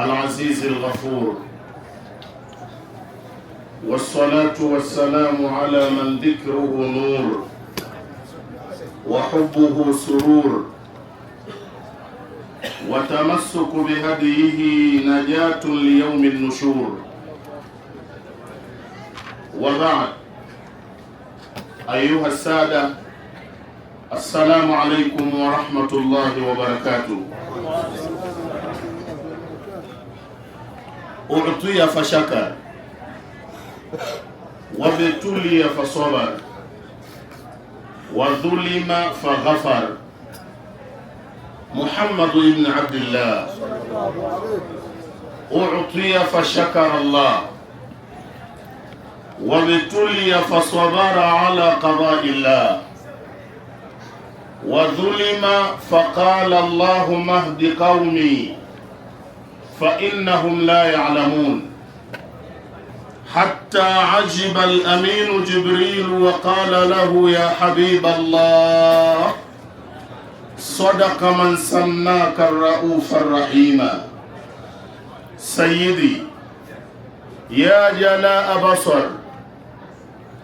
العزيز الغفور والصلاة والسلام على من ذكره نور وحبه سرور وتمسك بهديه نجاة ليوم النشور وبعد أيها السادة السلام عليكم ورحمة الله وبركاته أعطي فشكر وابتلي فصبر وظلم فغفر محمد بن عبد الله أعطي فشكر الله وابتلي فصبر على قضاء الله وظلم فقال اللهم اهد قومي فإنهم لا يعلمون حتى عجب الأمين جبريل وقال له يا حبيب الله صدق من سماك الرؤوف الرحيم سيدي يا جلاء بصر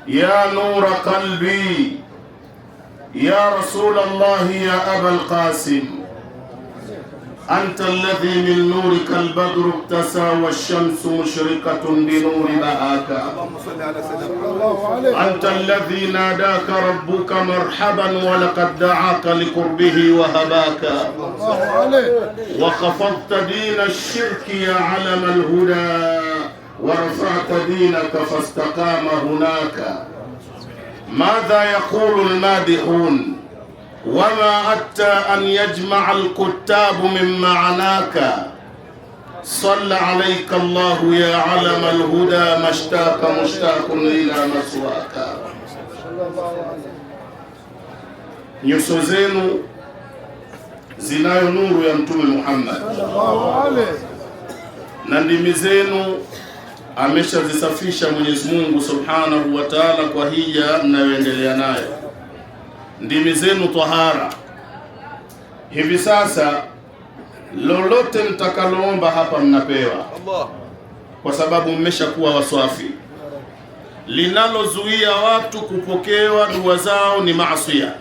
يا نور قلبي يا رسول الله يا أبا القاسم أنت الذي من نورك البدر ابتسى والشمس مشرقة بنور بهاك أنت الذي ناداك ربك مرحبا ولقد دعاك لقربه وهباك وخفضت دين الشرك يا علم الهدى ورفعت دينك فاستقام هناك ماذا يقول المادحون wama ata an yajmaa alkutabu min maanaka salla alaika llahu ya alam alhuda mashtaka mushtaqun ila maswaka. Nyuso zenu zinayo nuru ya Mtume Muhammad na ndimi zenu ameshazisafisha Mwenyezi Mungu subhanahu wa taala kwa hija mnayoendelea nayo ndimi zenu tahara. Hivi sasa lolote mtakaloomba hapa mnapewa, kwa sababu mmeshakuwa waswafi. Linalozuia watu kupokewa dua zao ni maasia,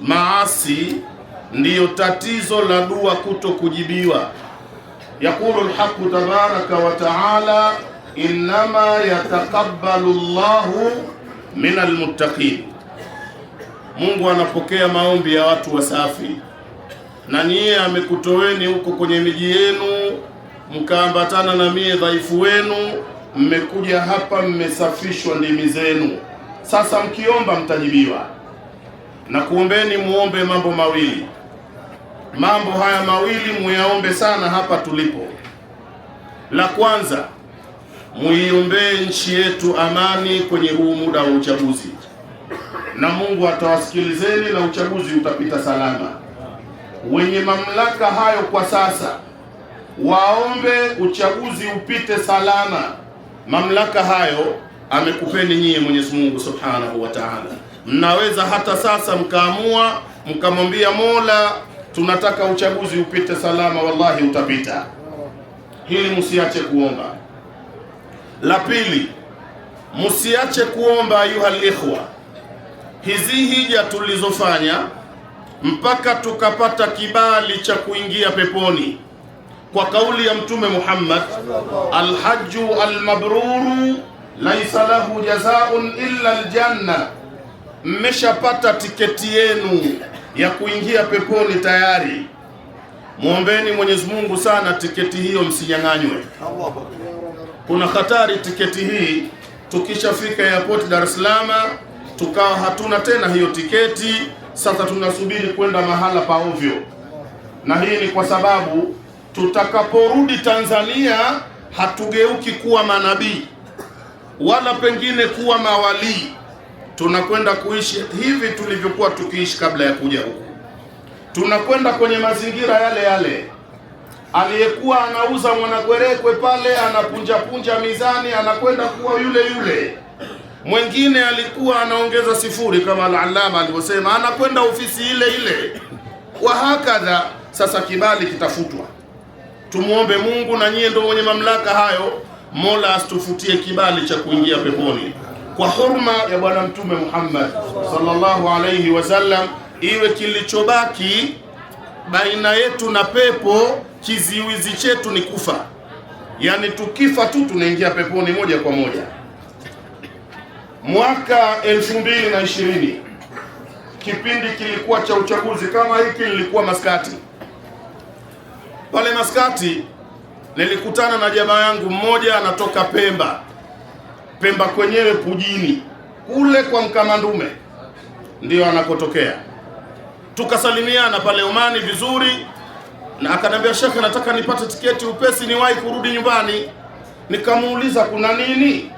maasi ndiyo tatizo la dua kuto kujibiwa. Yaqulu lhaqu tabaraka wa taala, innama yataqabbalu llahu min almuttaqin Mungu anapokea maombi ya watu wasafi, na niye amekutoweni huko kwenye miji yenu, mkaambatana na mie dhaifu wenu, mmekuja hapa, mmesafishwa ndimi zenu. Sasa mkiomba mtajibiwa, na kuombeni, muombe mambo mawili. Mambo haya mawili muyaombe sana hapa tulipo. La kwanza, muiombee nchi yetu amani kwenye huu muda wa uchaguzi na Mungu atawasikilizeni na uchaguzi utapita salama. Wenye mamlaka hayo kwa sasa waombe uchaguzi upite salama. Mamlaka hayo amekupeni nyie Mwenyezi Mungu Subhanahu wa Ta'ala. Mnaweza hata sasa mkaamua mkamwambia Mola, tunataka uchaguzi upite salama, wallahi utapita. Hili msiache kuomba. La pili, msiache kuomba ayuha likhwa hizi hija tulizofanya mpaka tukapata kibali cha kuingia peponi kwa kauli ya Mtume Muhammad, alhaju almabruru laisa lahu jazaun illa aljanna. Mmeshapata tiketi yenu ya kuingia peponi tayari. Mwombeni Mwenyezi Mungu sana tiketi hiyo, msinyang'anywe. Kuna hatari tiketi hii, tukishafika airport Dar es Salaam tukawa hatuna tena hiyo tiketi. Sasa tunasubiri kwenda mahala pa ovyo, na hii ni kwa sababu tutakaporudi Tanzania hatugeuki kuwa manabii wala pengine kuwa mawalii, tunakwenda kuishi hivi tulivyokuwa tukiishi kabla ya kuja huku. Tunakwenda kwenye mazingira yale yale, aliyekuwa anauza mwanagwerekwe pale anapunjapunja mizani, anakwenda kuwa yule yule Mwengine alikuwa anaongeza sifuri kama al-Allama alivyosema, anakwenda ofisi ile ile wa hakadha. Sasa kibali kitafutwa, tumuombe Mungu na nyie ndio wenye mamlaka hayo. Mola asitufutie kibali cha kuingia peponi kwa hurma ya Bwana Mtume Muhammad sallallahu alayhi wasallam, iwe kilichobaki baina yetu na pepo kiziwizi chetu ni kufa, yani tukifa tu tunaingia peponi moja kwa moja mwaka 2020 kipindi kilikuwa cha uchaguzi kama hiki, nilikuwa Maskati. Pale Maskati nilikutana na jamaa yangu mmoja anatoka Pemba, Pemba kwenyewe Pujini kule kwa Mkamandume ndio anakotokea. Tukasalimiana pale Omani vizuri, na akaniambia shekhe, nataka nipate tiketi upesi niwahi kurudi nyumbani. Nikamuuliza kuna nini?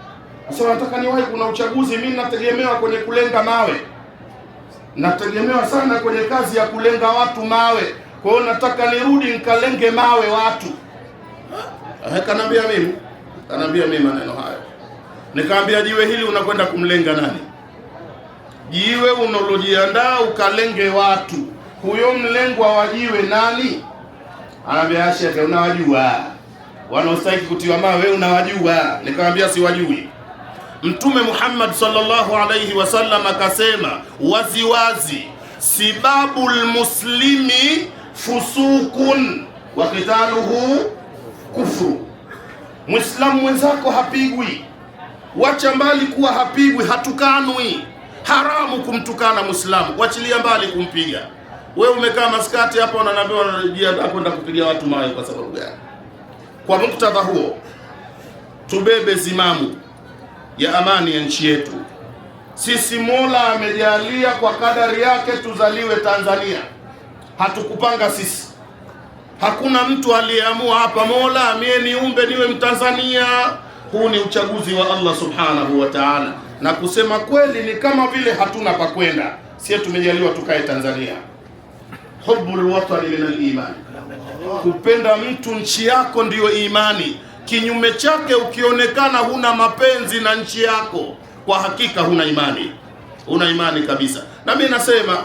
Sasa nataka niwahi, kuna uchaguzi. Mimi nategemewa kwenye kulenga mawe, nategemewa sana kwenye kazi ya kulenga watu mawe. Kwa hiyo nataka nirudi nikalenge mawe watu. Eh, kanambia mimi, kanambia mimi maneno hayo. Nikaambia jiwe hili unakwenda kumlenga nani? Jiwe unalojiandaa ukalenge watu, huyo mlengwa wa jiwe nani? Anambia shekhe, unawajua wanaostahili kutiwa mawe, unawajua? Nikamwambia siwajui. Mtume Muhammad sallallahu alayhi wasallam akasema waziwazi, sibabu muslimi fusukun wa qitaluhu kufru. Mwislamu mwenzako hapigwi, wacha mbali kuwa hapigwi, hatukanwi. Haramu kumtukana mwislamu, wachilia mbali kumpiga. We umekaa maskati hapa, unaniambia unarejea kwenda kupiga watu mawe, kwa sababu gani? Kwa muktadha huo tubebe zimamu ya amani ya nchi yetu. Sisi Mola amejalia kwa kadari yake tuzaliwe Tanzania, hatukupanga sisi. Hakuna mtu aliyeamua hapa, Mola mie niumbe niwe Mtanzania. Huu ni uchaguzi wa Allah subhanahu wa ta'ala, na kusema kweli ni kama vile hatuna pa kwenda. Sie tumejaliwa tukae Tanzania. Hubbul watani min al-iman, kupenda mtu nchi yako ndiyo imani. Kinyume chake, ukionekana huna mapenzi na nchi yako, kwa hakika huna imani, huna imani kabisa. Na mimi nasema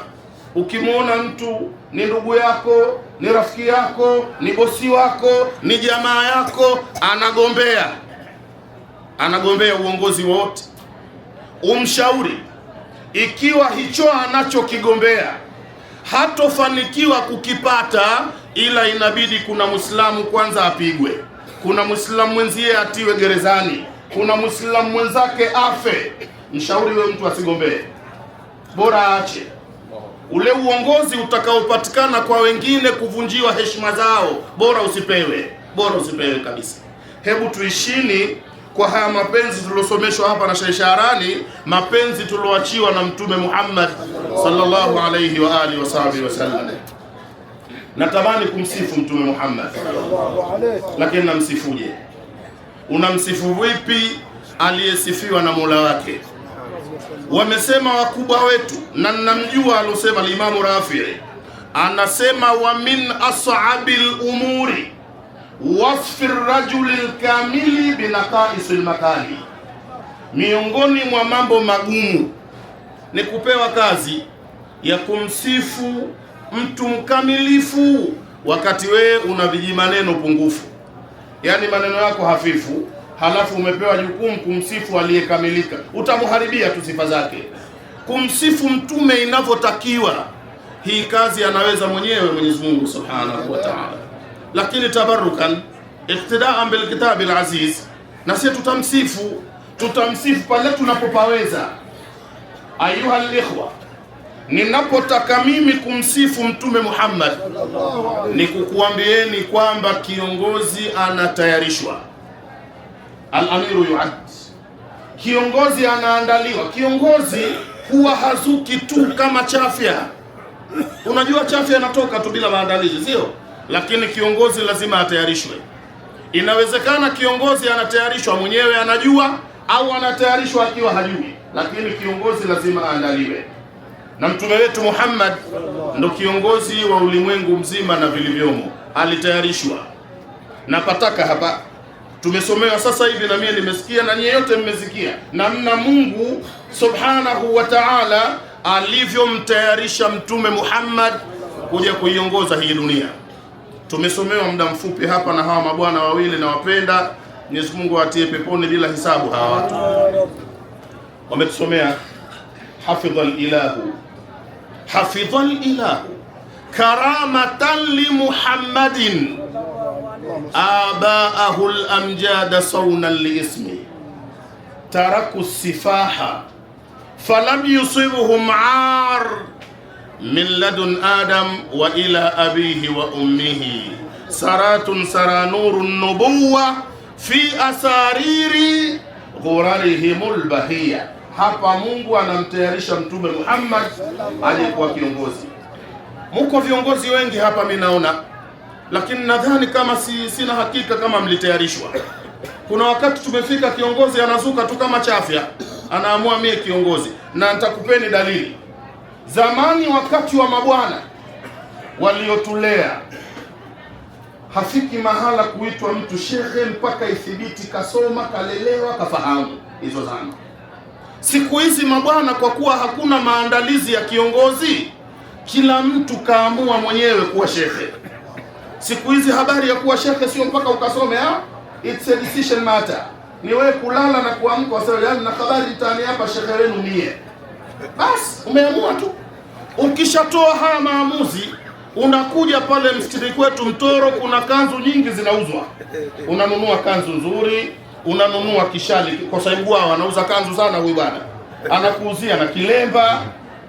ukimwona mtu ni ndugu yako, ni rafiki yako, ni bosi wako, ni jamaa yako, anagombea anagombea uongozi wote, umshauri ikiwa hicho anachokigombea hatofanikiwa kukipata, ila inabidi kuna Muislamu kwanza apigwe kuna mwislamu mwenzie atiwe gerezani, kuna mwislamu mwenzake afe. Mshauri we mtu asigombee, bora aache ule uongozi utakaopatikana kwa wengine kuvunjiwa heshima zao, bora usipewe, bora usipewe kabisa. Hebu tuishini kwa haya mapenzi tuliosomeshwa hapa na Sheikh Sharani, mapenzi tulioachiwa na Mtume Muhammad sallallahu alayhi wa alihi wasallam. Natamani kumsifu Mtume Muhammad, lakini namsifuje? Unamsifu vipi aliyesifiwa na Mola wake? Wamesema wakubwa wetu, na namjua alosema Limamu Rafii, anasema wa min asabi lumuri wasfi rajuli lkamili binaqaisi lmakali, miongoni mwa mambo magumu ni kupewa kazi ya kumsifu mtu mkamilifu, wakati wewe una vijimaneno pungufu, yaani maneno yako hafifu, halafu umepewa jukumu kumsifu aliyekamilika, utamharibia tu sifa zake. Kumsifu mtume inavyotakiwa, hii kazi anaweza mwenyewe Mwenyezi Mungu Subhanahu wa Ta'ala, lakini tabarukan iktidaan bilkitabi alaziz, na sisi tutamsifu, tutamsifu pale tunapopaweza. Ayuha ikhwa Ninapotaka mimi kumsifu Mtume Muhammad ni kukuambieni kwamba kiongozi anatayarishwa, al-amiru yuad, kiongozi anaandaliwa. Kiongozi huwa hazuki tu kama chafya. Unajua chafya anatoka tu bila maandalizi, sio? Lakini kiongozi lazima atayarishwe. Inawezekana kiongozi anatayarishwa mwenyewe anajua, au anatayarishwa akiwa hajui, lakini kiongozi lazima aandaliwe na mtume wetu Muhammad ndo kiongozi wa ulimwengu mzima na vilivyomo, alitayarishwa na pataka hapa tumesomewa sasa hivi, na mimi nimesikia na nyie yote mmesikia, namna Mungu subhanahu wa ta'ala alivyomtayarisha mtume Muhammad kuja kuiongoza hii dunia. Tumesomewa muda mfupi hapa na hawa mabwana wawili na wapenda Mwenyezi Mungu atie peponi bila hisabu. Hawa watu wametusomea hafidha ilahu حفظ الإله كرامة لمحمد آباءه الأمجاد صونا لاسمه تركوا السفاح فلم يصبهم عار من لدن آدم وإلى أبيه وأمه سرات سرى نور النبوة في أسارير غررهم البهيه hapa Mungu anamtayarisha Mtume Muhammad aliyekuwa kiongozi. Mko viongozi wengi hapa mimi naona, lakini nadhani kama si, sina hakika kama mlitayarishwa. Kuna wakati tumefika kiongozi anazuka tu kama chafya, anaamua mie kiongozi, na nitakupeni dalili. Zamani wakati wa mabwana waliotulea hafiki mahala kuitwa mtu shehe mpaka ithibiti kasoma, kalelewa, kafahamu hizo zana Siku hizi mabwana, kwa kuwa hakuna maandalizi ya kiongozi, kila mtu kaamua mwenyewe kuwa shekhe. Siku hizi habari ya kuwa shekhe sio mpaka ukasome ha? It's a decision matter. Ni wewe kulala na kuamka wasema yani na habari tani hapa shekhe wenu mie, basi umeamua tu. Ukishatoa haya maamuzi unakuja pale msikiti kwetu Mtoro, kuna kanzu nyingi zinauzwa, unanunua kanzu nzuri unanunua kishali kwa sababu wao anauza kanzu sana huyu bwana, anakuuzia na kilemba.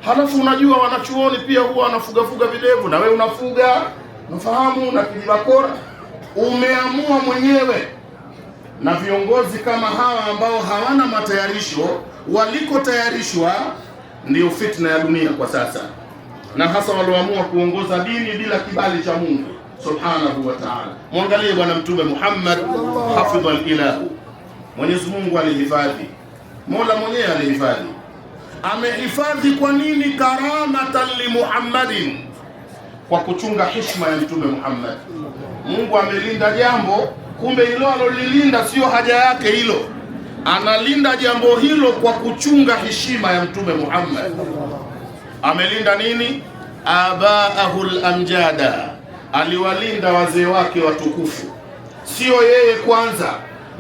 Halafu unajua wanachuoni pia huwa wanafugafuga videvu, na wewe unafuga, unafahamu, na kijibakora. Umeamua mwenyewe na viongozi kama hawa ambao hawana matayarisho, walikotayarishwa ndio fitna ya dunia kwa sasa, na hasa walioamua kuongoza dini bila kibali cha Mungu subhanahu wa ta'ala. Mwangalie Bwana Mtume Muhammad hafidha ilahu Mwenyezi Mungu alihifadhi, Mola mwenyewe alihifadhi. Amehifadhi kwa nini? Karamatan li Muhammadin, kwa kuchunga heshima ya Mtume Muhammad. Mungu amelinda jambo, kumbe hilo alolilinda sio haja yake hilo analinda jambo hilo kwa kuchunga heshima ya mtume Muhammad. Amelinda nini? abaahul amjada, aliwalinda wazee wake watukufu, sio yeye kwanza,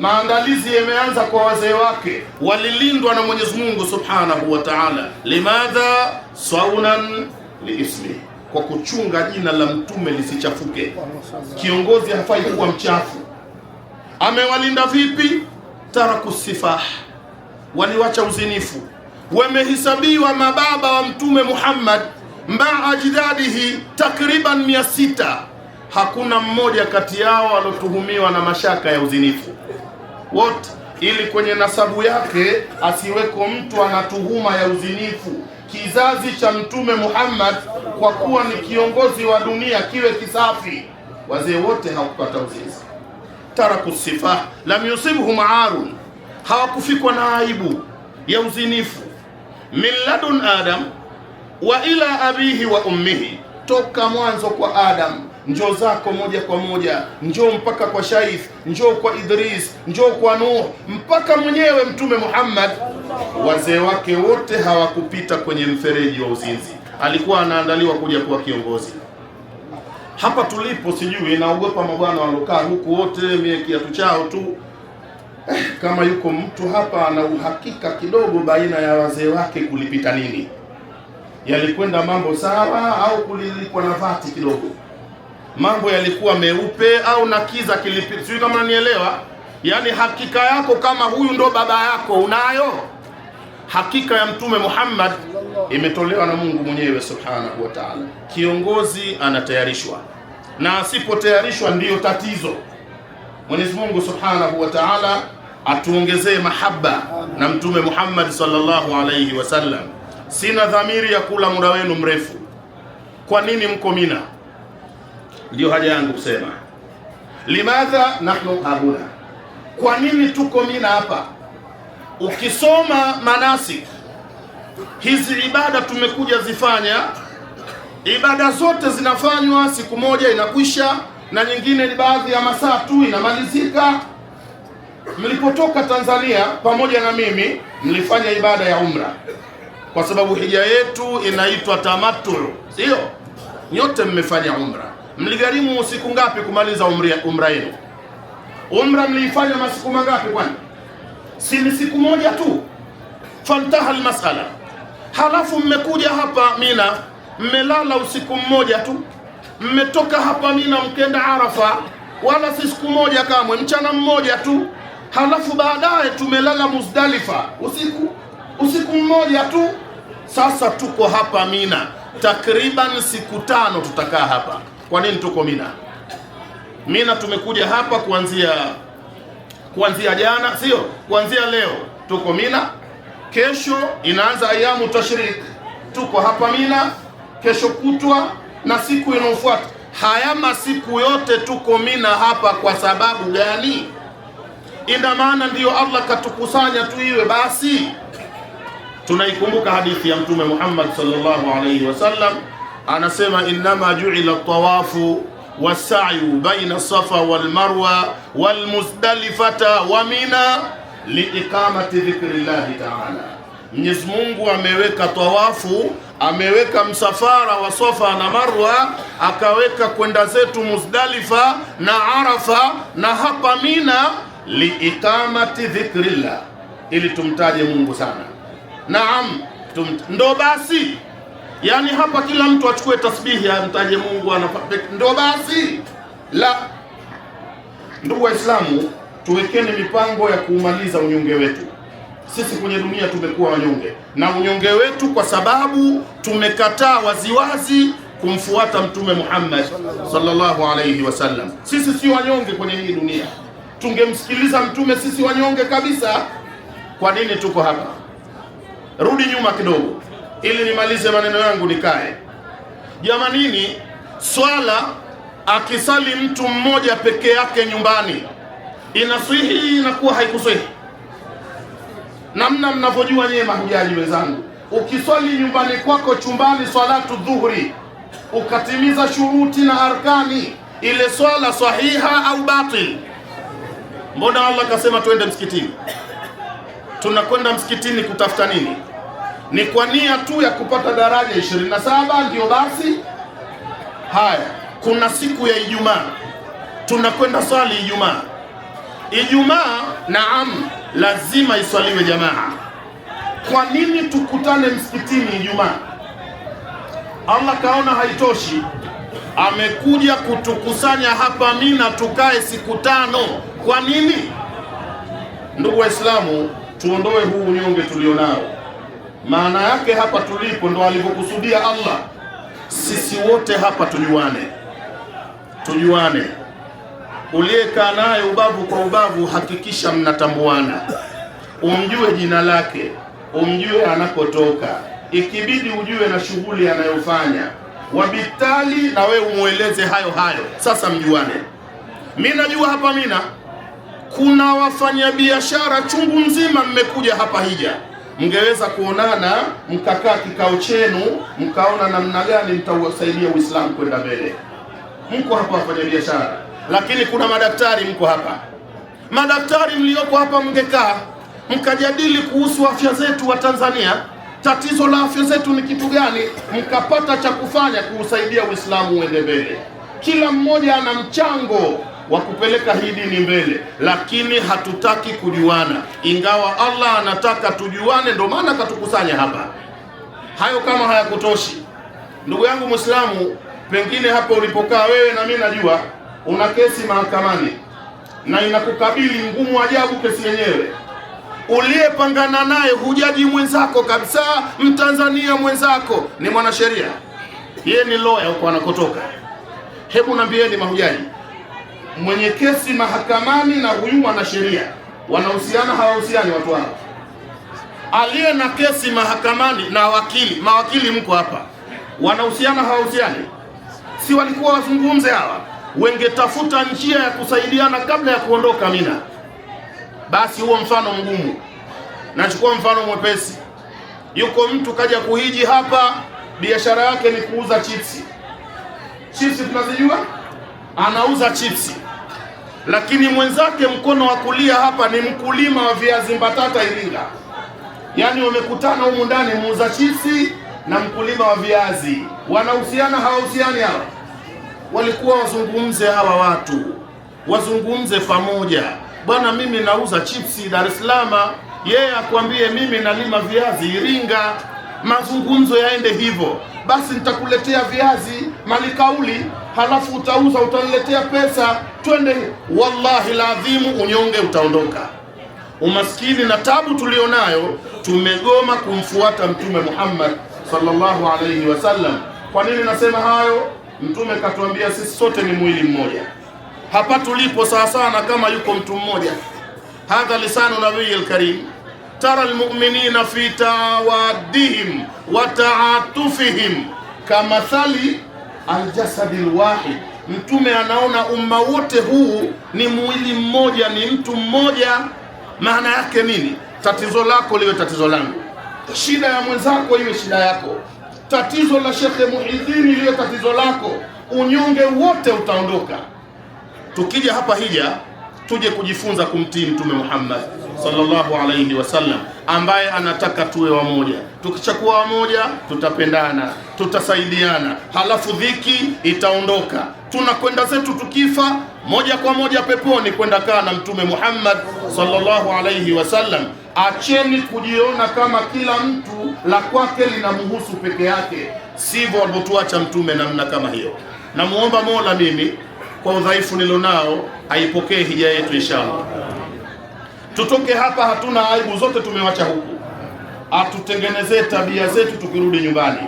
maandalizi yameanza kwa wazee wake, walilindwa na Mwenyezi Mungu Subhanahu wa Ta'ala. Limadha saunan liismi, kwa kuchunga jina la mtume lisichafuke. Kiongozi hafai kuwa mchafu. Amewalinda vipi? Taraku sifah, waliwacha uzinifu. Wamehesabiwa mababa wa mtume Muhammad mbaa jidadihi takriban mia sita hakuna mmoja kati yao alotuhumiwa na mashaka ya uzinifu wote, ili kwenye nasabu yake asiweko mtu ana tuhuma ya uzinifu. Kizazi cha Mtume Muhammad kwa kuwa ni kiongozi wa dunia kiwe kisafi, wazee wote hawakupata uzinzi. Taraku sifa lam yusibhum maarun, hawakufikwa na aibu ya uzinifu. Min ladun adam wa ila abihi wa ummihi, toka mwanzo kwa Adam njoo zako moja kwa moja, njoo mpaka kwa Shaif, njoo kwa Idris, njoo kwa Nuh, mpaka mwenyewe Mtume Muhammad. Wazee wake wote hawakupita kwenye mfereji wa uzinzi, alikuwa anaandaliwa kuja kuwa kiongozi. Hapa tulipo sijui, naogopa mabwana walokaa huku wote, mie kiatu chao tu eh, kama yuko mtu hapa ana uhakika kidogo baina ya wazee wake kulipita nini, yalikwenda mambo sawa au kulilikwa na vati kidogo mambo yalikuwa meupe au na kiza kilipita, sijui kama unanielewa. Yaani hakika yako kama huyu ndo baba yako unayo. Hakika ya Mtume Muhammad imetolewa na Mungu mwenyewe subhanahu wa taala. Kiongozi anatayarishwa na asipotayarishwa ndiyo tatizo. Mwenyezi Mungu subhanahu wa taala atuongezee mahaba na Mtume Muhammad sallallahu alayhi wasallam. Sina dhamiri ya kula muda wenu mrefu. Kwa nini mko Mina? Ndiyo haja yangu kusema limadha nahnu hahuna, kwa nini tuko mina hapa? Ukisoma manasik hizi ibada tumekuja zifanya, ibada zote zinafanywa siku moja inakwisha, na nyingine ni baadhi ya masaa tu inamalizika. Mlipotoka Tanzania pamoja na mimi mlifanya ibada ya umra, kwa sababu hija yetu inaitwa tamattu, sio nyote mmefanya umra mligharimu siku ngapi kumaliza umra yenu? Umra mliifanya masiku mangapi? Kwani si ni siku moja tu? Fantaha almasala. Halafu mmekuja hapa Mina, mmelala usiku mmoja tu, mmetoka hapa Mina mkenda Arafa, wala si siku moja kamwe, mchana mmoja tu. Halafu baadaye tumelala Muzdalifa usiku usiku mmoja tu. Sasa tuko hapa Mina takriban siku tano, tutakaa hapa kwa nini tuko Mina? Mina tumekuja hapa kuanzia kuanzia jana, sio kuanzia leo, tuko Mina. Kesho inaanza ayamu tashrik, tuko hapa Mina kesho kutwa na siku inayofuata. Haya masiku yote tuko Mina hapa kwa sababu gani? Ina maana ndiyo Allah katukusanya tuiwe basi tunaikumbuka hadithi ya Mtume Muhammad sallallahu alaihi wasallam anasema innama juila tawafu wasayu baina safa walmarwa walmusdalifata wa mina liiqamati dhikri llahi taala. Mwenyezi Mungu ameweka tawafu, ameweka msafara wa Safa na Marwa, akaweka kwenda zetu Muzdalifa na Arafa na hapa Mina, liiqamati dhikrillah, ili tumtaje Mungu sana. Naam, tum, ndo basi Yaani hapa kila mtu achukue tasbihi amtaje Mungu ana ndio basi la. Ndugu Waislamu, tuwekeni mipango ya kuumaliza unyonge wetu. Sisi kwenye dunia tumekuwa wanyonge, na unyonge wetu kwa sababu tumekataa waziwazi kumfuata Mtume Muhammad sallallahu alayhi wasallam. Sisi sio wanyonge kwenye hii dunia, tungemsikiliza Mtume sisi wanyonge kabisa. Kwa nini tuko hapa? Rudi nyuma kidogo ili nimalize maneno yangu nikae. Jamanini, swala akisali mtu mmoja peke yake nyumbani inaswihi inakuwa haikuswihi? Namna mnavyojua nyewe mahujaji wenzangu, ukiswali nyumbani kwako chumbani swalatu dhuhuri ukatimiza shuruti na arkani, ile swala sahiha au batil? Mbona Allah akasema twende msikitini? Tunakwenda msikitini kutafuta nini? ni kwa nia tu ya kupata daraja 27. Ndio basi, haya, kuna siku ya Ijumaa tunakwenda swali Ijumaa. Ijumaa naam, lazima iswaliwe jamaa. Kwa nini tukutane msikitini Ijumaa? Allah kaona haitoshi, amekuja kutukusanya hapa Mina tukae siku tano. Kwa nini? Ndugu Waislamu, tuondoe huu unyonge tulionao. Maana yake hapa tulipo ndo alivyokusudia Allah sisi wote hapa tujuane, tujuane. Uliyekaa naye ubavu kwa ubavu, hakikisha mnatambuana, umjue jina lake, umjue anakotoka, ikibidi ujue na shughuli anayofanya, wabitali na we umweleze hayo hayo. Sasa mjuane. Mimi najua hapa Mina kuna wafanyabiashara chungu nzima mmekuja hapa hija mngeweza kuonana mkakaa kikao chenu mkaona namna gani mtawasaidia Uislamu kwenda mbele. Mko hapa wafanya biashara lakini kuna madaktari, mko hapa madaktari mlioko hapa, mngekaa mkajadili kuhusu afya zetu wa Tanzania, tatizo la afya zetu ni kitu gani, mkapata cha kufanya kuusaidia Uislamu uende mbele. Kila mmoja ana mchango wa kupeleka hii dini mbele, lakini hatutaki kujuana, ingawa Allah anataka tujuane, ndio maana akatukusanya hapa. Hayo kama hayakutoshi, ndugu yangu Muislamu, pengine hapo ulipokaa wewe na mimi najua una kesi mahakamani na inakukabili ngumu ajabu kesi yenyewe uliyepangana naye hujaji mwenzako kabisa, mtanzania mwenzako, ni mwanasheria, yeye ni loya huko anakotoka. Hebu nambieni mahujaji, mwenye kesi mahakamani na huyu wana sheria wanahusiana hawahusiani? Watu hao, aliye na kesi mahakamani na wakili, mawakili mko hapa, wanahusiana hawahusiani? Si walikuwa wazungumze hawa, wengetafuta njia ya kusaidiana kabla ya kuondoka Mina. Basi huo mfano mgumu, nachukua mfano mwepesi. Yuko mtu kaja kuhiji hapa, biashara yake ni kuuza chipsi chipsi tunazijua, anauza chipsi, lakini mwenzake mkono wa kulia hapa ni mkulima wa viazi mbatata Iringa. Yaani wamekutana humu ndani, muuza chipsi na mkulima wa viazi, wanahusiana hawahusiani? Hawa walikuwa wazungumze hawa watu, wazungumze pamoja. Bwana, mimi nauza chipsi Dar es Salaam, yeye yeah, akwambie mimi nalima viazi Iringa mazungumzo yaende hivyo, basi nitakuletea viazi malikauli, halafu utauza utaniletea pesa, twende. Wallahi lazimu unyonge utaondoka. Umaskini na tabu tulionayo, tumegoma kumfuata Mtume Muhammad sallallahu alayhi wasallam. Kwa nini nasema hayo? Mtume katuambia sisi sote ni mwili mmoja. Hapa tulipo sawa sawa na kama yuko mtu mmoja. Hadha lisanu nabiyil karim tara almu'minina fi tawaddihim wa ta'atufihim kamathali aljasadi alwahid. Mtume anaona umma wote huu ni mwili mmoja, ni mtu mmoja. Maana yake nini? Tatizo lako liwe tatizo langu, shida ya mwenzako iwe shida yako, tatizo la Shekhe Muhidhini liwe tatizo lako, unyonge wote utaondoka. Tukija hapa hija, tuje kujifunza kumtii Mtume Muhammad sallallahu alayhi wasallam, ambaye anataka tuwe wamoja. Tukishakuwa wamoja, tutapendana, tutasaidiana, halafu dhiki itaondoka, tunakwenda zetu tukifa moja kwa moja peponi kwenda kaa na Mtume Muhammad sallallahu alayhi wasallam. Acheni kujiona kama kila mtu la kwake linamhusu peke yake, sivyo alivyotuacha Mtume namna kama hiyo. Namuomba Mola mimi kwa udhaifu nilonao aipokee hija yetu inshallah. Tutoke hapa, hatuna aibu, zote tumewacha huku. Atutengenezee tabia zetu tukirudi nyumbani,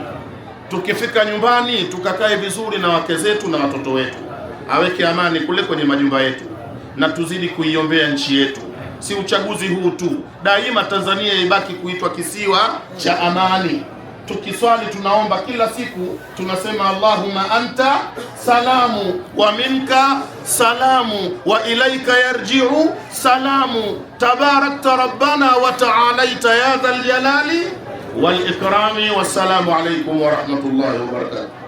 tukifika nyumbani tukakae vizuri na wake zetu na watoto wetu, aweke amani kule kwenye majumba yetu, na tuzidi kuiombea nchi yetu, si uchaguzi huu tu, daima Tanzania ibaki kuitwa kisiwa cha amani tukiswali tunaomba kila siku, tunasema Allahumma anta salamu wa minka salamu wa ilaika yarjiu salamu tabarakta rabbana wa taalaita ya dhal jalali wal ikrami. Wassalamu alaykum wa rahmatullahi